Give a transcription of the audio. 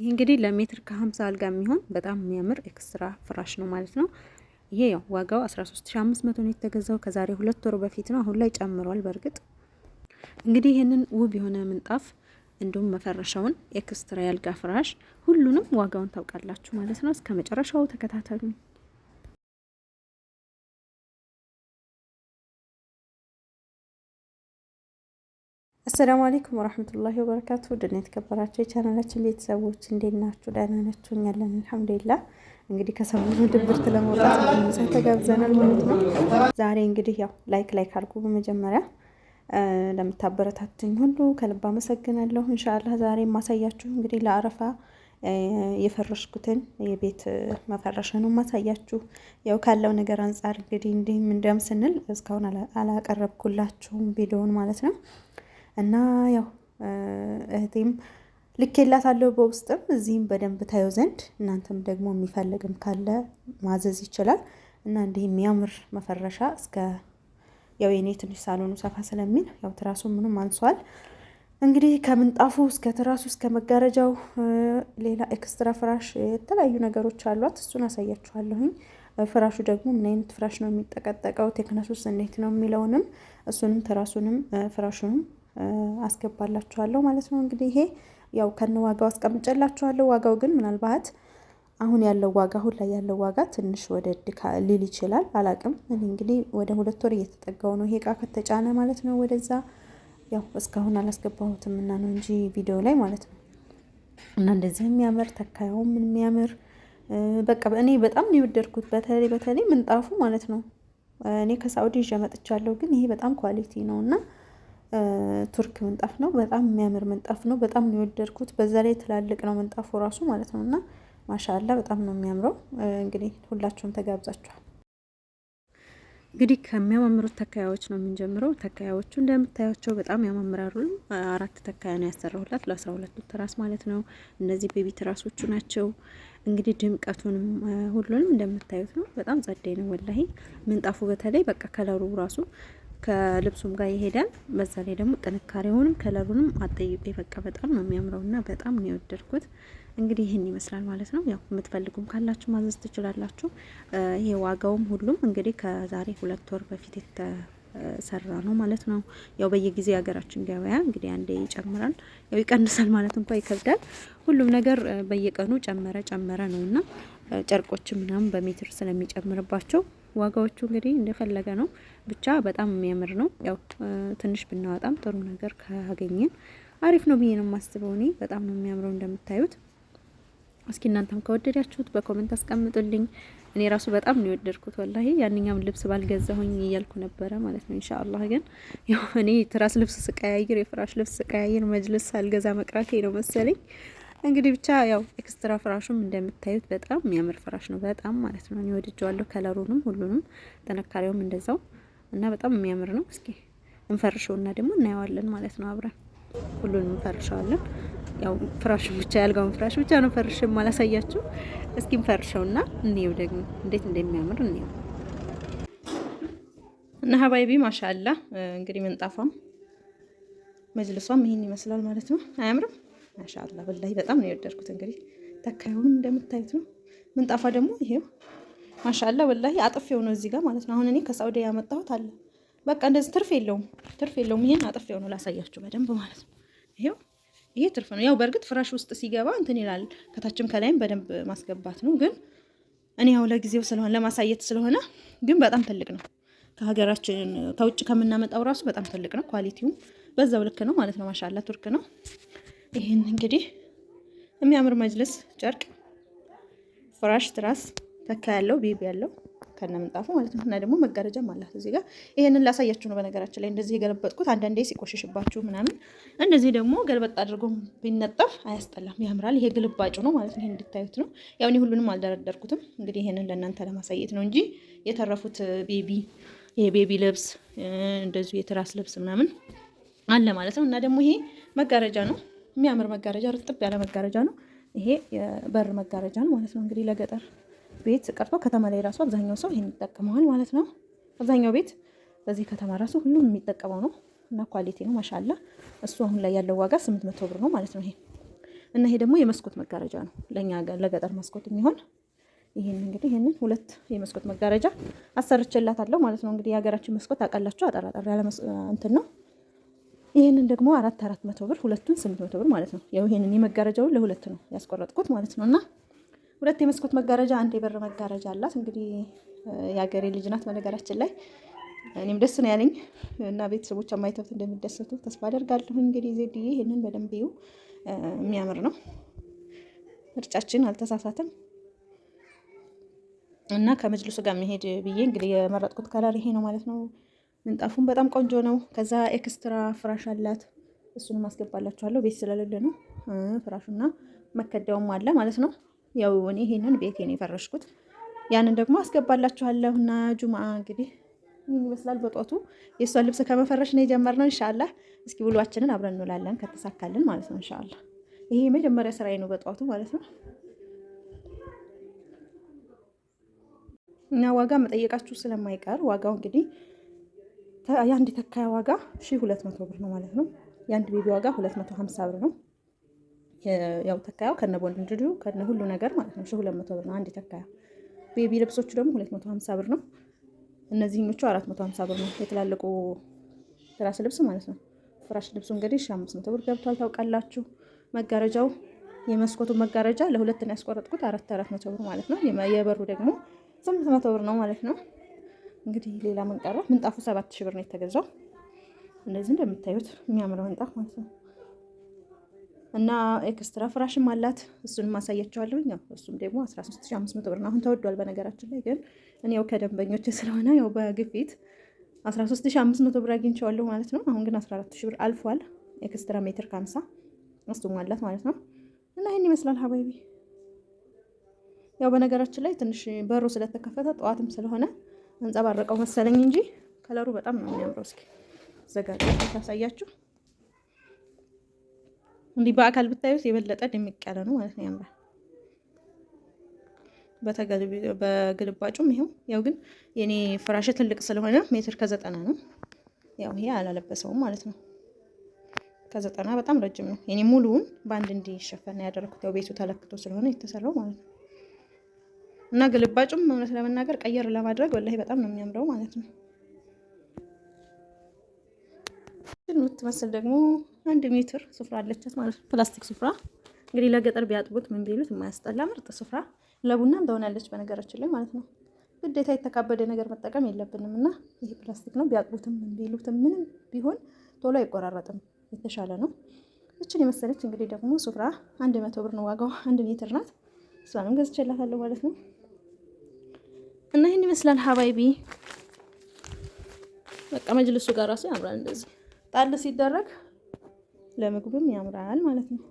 ይህ እንግዲህ ለሜትር ከ50 አልጋ የሚሆን በጣም የሚያምር ኤክስትራ ፍራሽ ነው ማለት ነው። ይሄ ያው ዋጋው 13500 ነው የተገዛው ከዛሬ ሁለት ወር በፊት ነው። አሁን ላይ ጨምሯል። በእርግጥ እንግዲህ ይህንን ውብ የሆነ ምንጣፍ እንዲሁም መፈረሻውን ኤክስትራ ያልጋ ፍራሽ ሁሉንም ዋጋውን ታውቃላችሁ ማለት ነው። እስከ መጨረሻው ተከታተሉ። አሰላሙ አሌይኩም ወረህመቱላሂ ወበረካቱ ድና የተከበራቸው የቻናላችን ቤተሰቦች እንዴት ናችሁ? ደህና ናችሁ? እኛ አለን አልሐምዱሊላህ። እንግዲህ ከሰሞኑ ድብርት ለመውጣት ምሳ ተጋብዘናል ማለት ነው። ዛሬ እንግዲህ ያው ላይክ ላይክ አድርጉ። በመጀመሪያ ለምታበረታትኝ ሁሉ ከልብ አመሰግናለሁ። እንሻላ ዛሬ የማሳያችሁ እንግዲህ ለአረፋ የፈረሽኩትን የቤት መፈረሻ ነው ማሳያችሁ። ያው ካለው ነገር አንጻር እንግዲህ እንዲህም እንደም ስንል እስካሁን አላቀረብኩላችሁም ቪዲዮውን ማለት ነው እና ያው እህቴም ልኬላታለሁ በውስጥም እዚህም በደንብ ታየው ዘንድ እናንተም ደግሞ የሚፈልግም ካለ ማዘዝ ይችላል። እና እንዲህ የሚያምር መፈረሻ እስከ ያው የኔ ትንሽ ሳሎኑ ሰፋ ስለሚል ያው ትራሱ ምንም አንሷል። እንግዲህ ከምንጣፉ እስከ ትራሱ እስከ መጋረጃው ሌላ ኤክስትራ ፍራሽ የተለያዩ ነገሮች አሏት። እሱን አሳያችኋለሁኝ። ፍራሹ ደግሞ ምን አይነት ፍራሽ ነው የሚጠቀጠቀው፣ ቴክነሱስ እንዴት ነው የሚለውንም እሱንም ትራሱንም ፍራሹንም አስገባላችኋለሁ ማለት ነው። እንግዲህ ይሄ ያው ከነ ዋጋው አስቀምጨላችኋለሁ። ዋጋው ግን ምናልባት አሁን ያለው ዋጋ አሁን ላይ ያለው ዋጋ ትንሽ ወደ ድካ ሊል ይችላል። አላቅም እኔ እንግዲህ ወደ ሁለት ወር እየተጠጋው ነው ይሄ እቃ ከተጫነ ማለት ነው። ወደዛ ያው እስካሁን አላስገባሁትም እና ነው እንጂ ቪዲዮ ላይ ማለት ነው። እና እንደዚህ የሚያምር ምን የሚያምር በቃ እኔ በጣም ነው የወደድኩት። በተለይ በተለይ ምንጣፉ ማለት ነው። እኔ ከሳውዲ ይዤ መጥቻለሁ፣ ግን ይሄ በጣም ኳሊቲ ነው እና ቱርክ ምንጣፍ ነው። በጣም የሚያምር ምንጣፍ ነው። በጣም ነው የወደድኩት። በዛ ላይ ትላልቅ ነው ምንጣፉ ራሱ ማለት ነው እና ማሻላ በጣም ነው የሚያምረው። እንግዲህ ሁላችሁም ተጋብዛችኋል። እንግዲህ ከሚያማምሩት ተካያዎች ነው የምንጀምረው። ተካያዎቹ እንደምታያቸው በጣም ያማምራሉ። አራት ተካያ ነው ያሰራሁላት ለአስራ ሁለቱ ትራስ ማለት ነው። እነዚህ ቤቢ ትራሶቹ ናቸው። እንግዲህ ድምቀቱንም ሁሉንም እንደምታዩት ነው። በጣም ጸደይ ነው ወላሂ ምንጣፉ። በተለይ በቃ ከለሩ ራሱ ከልብሱም ጋር ይሄዳል። በዛ ላይ ደግሞ ጥንካሬውንም ከለሩንም አጠይቁ። በቃ በጣም ነው የሚያምረውና በጣም ነው የወደድኩት። እንግዲህ ይህን ይመስላል ማለት ነው። ያው የምትፈልጉም ካላችሁ ማዘዝ ትችላላችሁ። ይሄ ዋጋውም ሁሉም እንግዲህ ከዛሬ ሁለት ወር በፊት የተሰራ ነው ማለት ነው። ያው በየጊዜ የሀገራችን ገበያ እንግዲህ አንዴ ይጨምራል፣ ያው ይቀንሳል ማለት እንኳ ይከብዳል። ሁሉም ነገር በየቀኑ ጨመረ ጨመረ ነውና ጨርቆች ምናምን በሜትር ስለሚጨምርባቸው ዋጋዎቹ እንግዲህ እንደፈለገ ነው። ብቻ በጣም የሚያምር ነው። ያው ትንሽ ብናወጣም ጥሩ ነገር ካገኘን አሪፍ ነው ብዬ ነው የማስበው። እኔ በጣም ነው የሚያምረው እንደምታዩት። እስኪ እናንተም ከወደዳችሁት በኮመንት አስቀምጡልኝ። እኔ ራሱ በጣም ነው የወደድኩት ወላሂ። ያንኛውም ልብስ ባልገዛሁኝ እያልኩ ነበረ ማለት ነው። ኢንሻአላህ ግን ያው እኔ ትራስ ልብስ ስቀያይር፣ የፍራሽ ልብስ ስቀያይር መጅልስ ሳልገዛ መቅራቴ ነው መሰለኝ። እንግዲህ ብቻ ያው ኤክስትራ ፍራሹም እንደምታዩት በጣም የሚያምር ፍራሽ ነው። በጣም ማለት ነው እወድጀዋለሁ። ከለሩንም ሁሉንም ጥንካሬውም እንደዛው እና በጣም የሚያምር ነው። እስኪ እና ደግሞ እናየዋለን ማለት ነው አብረን ሁሉንም እንፈርሸዋለን። ያው ፍራሹን ብቻ ያልጋውን ፍራሽ ብቻ ነው ፈርሽ ማላሳያችሁ። እስኪ እንፈርሸውና እንየው ደግሞ እንዴት እንደሚያምር እንየው እና ሀባይቢ ማሻአላ እንግዲህ ምንጣፏም መጅልሷም ይሄን ይመስላል ማለት ነው። አያምርም? ማሻአላ ወላሂ በጣም ነው የወደድኩት። እንግዲህ ተካዩን እንደምታዩት ነው። ምንጣፋ ደግሞ ይሄው ማሻአላ ወላሂ አጥፌው ነው እዚህ ጋር ማለት ነው። አሁን እኔ ከሳውዲ ያመጣሁት አለ በቃ እንደዚህ ትርፍ የለውም፣ ትርፍ የለውም። ይሄን አጥፌው ነው ላሳያችሁ በደንብ ማለት ነው። ይሄው ይሄ ትርፍ ነው። ያው በእርግጥ ፍራሽ ውስጥ ሲገባ እንትን ይላል፣ ከታችም ከላይም በደንብ ማስገባት ነው። ግን እኔ ያው ለጊዜው ስለሆነ ለማሳየት ስለሆነ ግን በጣም ትልቅ ነው። ከሀገራችን ከውጭ ከምናመጣው ራሱ በጣም ትልቅ ነው። ኳሊቲውም በዛው ልክ ነው ማለት ነው። ማሻላ ቱርክ ነው። ይህን እንግዲህ የሚያምር መጅልስ ጨርቅ ፍራሽ ትራስ ተካ ያለው ቤቢ ያለው ከነ ምንጣፉ ማለት ነው። እና ደግሞ መጋረጃም አላት እዚህ ጋር ይሄንን ላሳያችሁ ነው። በነገራችን ላይ እንደዚህ የገለበጥኩት አንዳንዴ ሲቆሽሽባችሁ ምናምን እንደዚህ ደግሞ ገልበጥ አድርጎ ቢነጠፍ አያስጠላም፣ ያምራል። ይሄ ግልባጩ ነው ማለት ነው። ይሄን እንድታዩት ነው። ያው እኔ ሁሉንም አልደረደርኩትም። እንግዲህ ይሄንን ለእናንተ ለማሳየት ነው እንጂ የተረፉት ቤቢ የቤቢ ልብስ እንደዚሁ የትራስ ልብስ ምናምን አለ ማለት ነው። እና ደግሞ ይሄ መጋረጃ ነው። የሚያምር መጋረጃ ርጥብ ያለ መጋረጃ ነው። ይሄ የበር መጋረጃ ነው ማለት ነው። እንግዲህ ለገጠር ቤት ቀርቶ ከተማ ላይ ራሱ አብዛኛው ሰው ይሄን ይጠቀመዋል ማለት ነው። አብዛኛው ቤት በዚህ ከተማ ራሱ ሁሉም የሚጠቀመው ነው እና ኳሊቲ ነው ማሻላ። እሱ አሁን ላይ ያለው ዋጋ ስምንት መቶ ብር ነው ማለት ነው ይሄ እና ይሄ ደግሞ የመስኮት መጋረጃ ነው ለእኛ ለገጠር መስኮት የሚሆን ይህን እንግዲህ ይህንን ሁለት የመስኮት መጋረጃ አሰርቼላታለሁ ማለት ነው። እንግዲህ የሀገራችን መስኮት አውቃላችሁ አጠራጠር ያለ እንትን ነው። ይህንን ደግሞ አራት አራት መቶ ብር ሁለቱን ስምንት መቶ ብር ማለት ነው። ያው ይህንን የመጋረጃውን ለሁለት ነው ያስቆረጥኩት ማለት ነው። እና ሁለት የመስኮት መጋረጃ አንድ የበር መጋረጃ አላት። እንግዲህ የሀገሬ ልጅ ናት በነገራችን ላይ እኔም ደስ ነው ያለኝ እና ቤተሰቦች ማይተውት እንደሚደሰቱ ተስፋ አደርጋለሁ። እንግዲህ ዜድ ይህንን በደንብ ይዩ፣ የሚያምር ነው። ምርጫችን አልተሳሳትም። እና ከመጅልሱ ጋር መሄድ ብዬ እንግዲህ የመረጥኩት ከለር ይሄ ነው ማለት ነው። ምንጣፉን በጣም ቆንጆ ነው። ከዛ ኤክስትራ ፍራሽ አላት። እሱንም ማስገባላችኋለሁ። ቤት ስለሌለ ነው። ፍራሹና መከዳውም አለ ማለት ነው። ያው እኔ ይሄንን ቤቴን ነው የፈረሽኩት። ያንን ደግሞ አስገባላችኋለሁ እና ጁማ እንግዲህ ይመስላል በጧቱ የእሷን ልብስ ከመፈረሽ ነው የጀመርነው። እንሻላ እስኪ ውሏችንን አብረን እንውላለን ከተሳካልን ማለት ነው። እንሻላ ይሄ የመጀመሪያ ስራዬ ነው በጧቱ ማለት ነው። እና ዋጋ መጠየቃችሁ ስለማይቀር ዋጋው እንግዲህ የአንድ ተካያ ዋጋ 1200 ብር ነው ማለት ነው። የአንድ ቤቢ ዋጋ 250 ብር ነው። ያው ተካያው ከነ ቦንድዱ ከነ ሁሉ ነገር ማለት ነው 1200 ብር ነው አንድ ተካያ። ቤቢ ልብሶቹ ደግሞ 250 ብር ነው። እነዚህኞቹ 450 ብር ነው የትላልቁ ፍራሽ ልብስ ማለት ነው። ፍራሽ ልብሱ እንግዲህ 1500 ብር ገብቷል ታውቃላችሁ። መጋረጃው የመስኮቱ መጋረጃ ለሁለት ነው ያስቆረጥኩት 4400 ብር ማለት ነው። የበሩ ደግሞ 800 ብር ነው ማለት ነው። እንግዲህ ሌላ ምን ቀረ? ምንጣፉ ሰባት ሺህ ብር ነው የተገዛው። እንደዚህ እንደምታዩት የሚያምረው ምንጣፍ ማለት ነው። እና ኤክስትራ ፍራሽም አላት። እሱን ማሳያቸዋለሁ። ያው እሱም ደግሞ 13500 ብር ነው። አሁን ተወዷል በነገራችን ላይ ግን እኔ ያው ከደንበኞች ስለሆነ ያው በግፊት 13500 ብር አግኝቸዋለሁ ማለት ነው። አሁን ግን 14000 ብር አልፏል። ኤክስትራ ሜትር ከ50 እሱም አላት ማለት ነው። እና ይህን ይመስላል ሀባይቢ። ያው በነገራችን ላይ ትንሽ በሩ ስለተከፈተ ጠዋትም ስለሆነ አንጸባረቀው መሰለኝ እንጂ ከለሩ በጣም ነው የሚያምረው። እስኪ ዘጋጅ ታሳያችሁ። እንዲህ በአካል ብታዩት የበለጠ ድምቅ ያለ ነው ማለት ነው፣ ያምራል። በግልባጩም ይሄው ያው ግን የኔ ፍራሽ ትልቅ ስለሆነ ሜትር ከዘጠና ነው። ያው ይሄ አላለበሰውም ማለት ነው። ከዘጠና በጣም ረጅም ነው። የኔ ሙሉውን በአንድ እንዲሸፈን ያደረኩት ያው ቤቱ ተለክቶ ስለሆነ የተሰራው ማለት ነው። እና ግልባጩም እውነት ለመናገር ቀየር ለማድረግ ወላሂ በጣም ነው የሚያምረው ማለት ነው። የምትመስል ደግሞ አንድ ሜትር ስፍራ አለቻት ማለት ነው። ፕላስቲክ ስፍራ እንግዲህ ለገጠር ቢያጥቡት ምን ቢሉት የማያስጠላ ምርጥ ስፍራ ለቡና እንደሆናለች በነገራችን ላይ ማለት ነው። ግዴታ የተካበደ ነገር መጠቀም የለብንም እና ይህ ፕላስቲክ ነው። ቢያጥቡትም ምን ቢሉትም ምንም ቢሆን ቶሎ አይቆራረጥም፣ የተሻለ ነው። እችን የመሰለች እንግዲህ ደግሞ ስፍራ አንድ መቶ ብር ነው ዋጋው፣ አንድ ሜትር ናት። እሷንም ገዝቼላታለሁ ማለት ነው። እና ይህን ይመስላል ሀባይቢ። በቃ መጅልሱ ጋር ራሱ ያምራል። እንደዚህ ጣል ሲደረግ ለምግብም ያምራል ማለት ነው።